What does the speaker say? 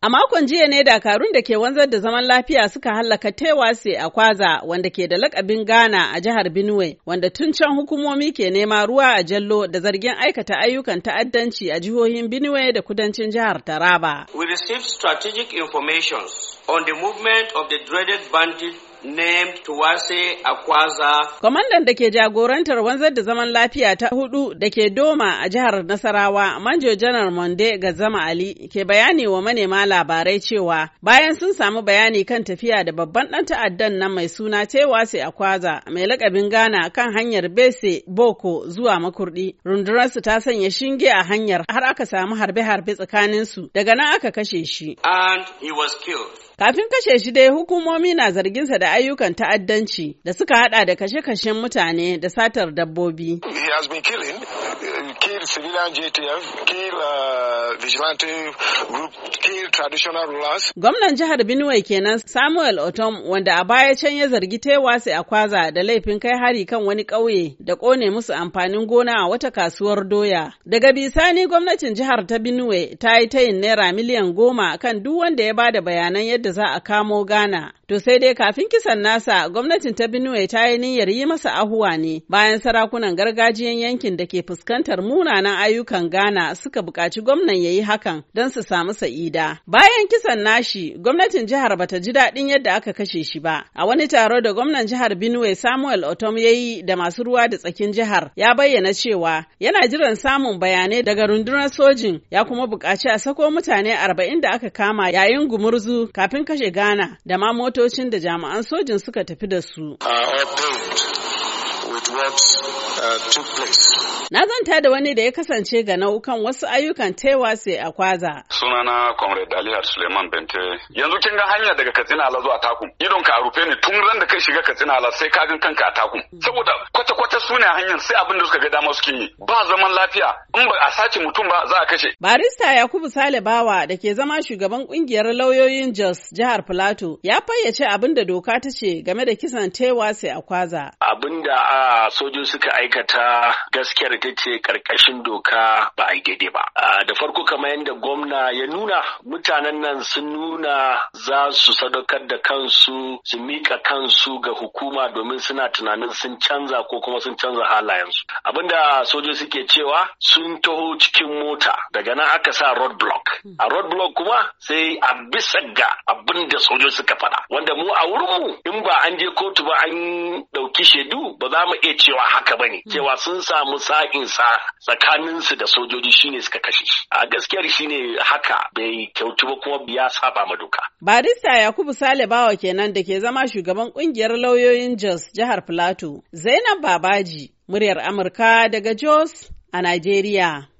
A makon jiya ne dakarun da ke wanzar da zaman lafiya suka hallaka Tewase a Kwaza wanda ke da lakabin Ghana a jihar Benue wanda tun can hukumomi ke nema ruwa a jallo da zargin aikata ayyukan ta'addanci a jihohin Benue da kudancin jihar Taraba. We received strategic information on the movement of the dreaded bandit named Akwaza. Kwamandan da ke jagorantar wanzar da zaman lafiya ta hudu da ke Doma a jihar Nasarawa, Manjo Janar Monde Gazama Ali ke bayani wa manema labarai cewa bayan sun samu bayani kan tafiya da babban ɗan ta'addan nan mai suna Tewase Akwaza mai lakabin Ghana kan hanyar Bese Boko zuwa Makurdi. Rundunarsu ta sanya shinge a hanyar har aka samu harbe-harbe tsakaninsu daga nan aka kashe shi. Kafin kashe shi dai hukumomi na zarginsa da ayyukan ta'addanci da suka hada da kashe-kashen mutane da satar dabbobi. He civilian JTF, killed uh, vigilante group, killed traditional rulers. Gwamnan jihar Benue kenan Samuel Otom wanda a baya can ya zargi a kwaza da laifin kai hari kan wani ƙauye da kone musu amfanin gona a wata kasuwar doya. Daga bisani gwamnatin jihar ta Benue ta yi tayin naira miliyan goma kan duk wanda ya bada bayanan yadda za a kamo Ghana. To sai dai kafin kisan nasa gwamnatin ta Benue ta yi niyyar yi masa ahuwa ne bayan sarakunan gargajiyan yankin da ke fuskantar munanan ayyukan Ghana suka bukaci gwamnan ya yi hakan don su samu sa'ida. Bayan kisan nashi, gwamnatin jihar bata ji daɗin yadda aka kashe shi ba. A wani taro da gwamnan jihar Benue Samuel Otom ya yi da masu ruwa da tsakin jihar, ya bayyana cewa yana jiran samun bayanai daga rundunar sojin ya kuma buƙaci a sako mutane arba'in da aka kama yayin gumurzu kafin kashe Ghana da ma motocin da jami'an sojin suka tafi da su. Uh, place. Na zanta da wani da ya kasance ga nau'ukan wasu ayyukan taiwa sai a kwaza. Sunana Comrade Ali Suleiman Bente. Yanzu kin ga hanya daga Katsina Ala zuwa Takum. Idon ka rufe ni tun ran da kai shiga Katsina Ala sai ka gan kanka a Takum. Saboda kwata-kwata su ne hanyar sai abin da suka ga dama suke yi. Ba zaman lafiya in ba a sace mutum ba za a kashe. Barista Yakubu Sale Bawa da ke zama shugaban kungiyar lauyoyin Jos jihar Plateau ya fayyace abin da doka ta ce game da kisan taiwa sai a kwaza. Abin da a ah, sojin sojoji suka aikata gaskiyar ta ce karkashin doka ba a daidai ba. Da farko kamar yadda gwamna ya nuna mutanen nan sun nuna za su sadaukar da kansu su mika kansu ga hukuma domin suna tunanin sun canza ko kuma sun canza halayensu. Abinda sojoji suke cewa sun taho cikin mota daga nan aka sa roadblock. A roadblock kuma sai a bisa ga abin da sojoji suka faɗa. Wanda mu a wurinmu in ba an je kotu ba an ɗauki shaidu ba za mu iya cewa haka ba ne. Hmm. cewa sun samu sa'in sa tsakanin da sojoji shine suka kashe shi a gaskiyar shine haka bai kyautu ba kuma ya saba ma doka barista yakubu sale bawa kenan da ke zama shugaban kungiyar lauyoyin jos jihar plateau zainab babaji muryar amurka daga jos a Najeriya.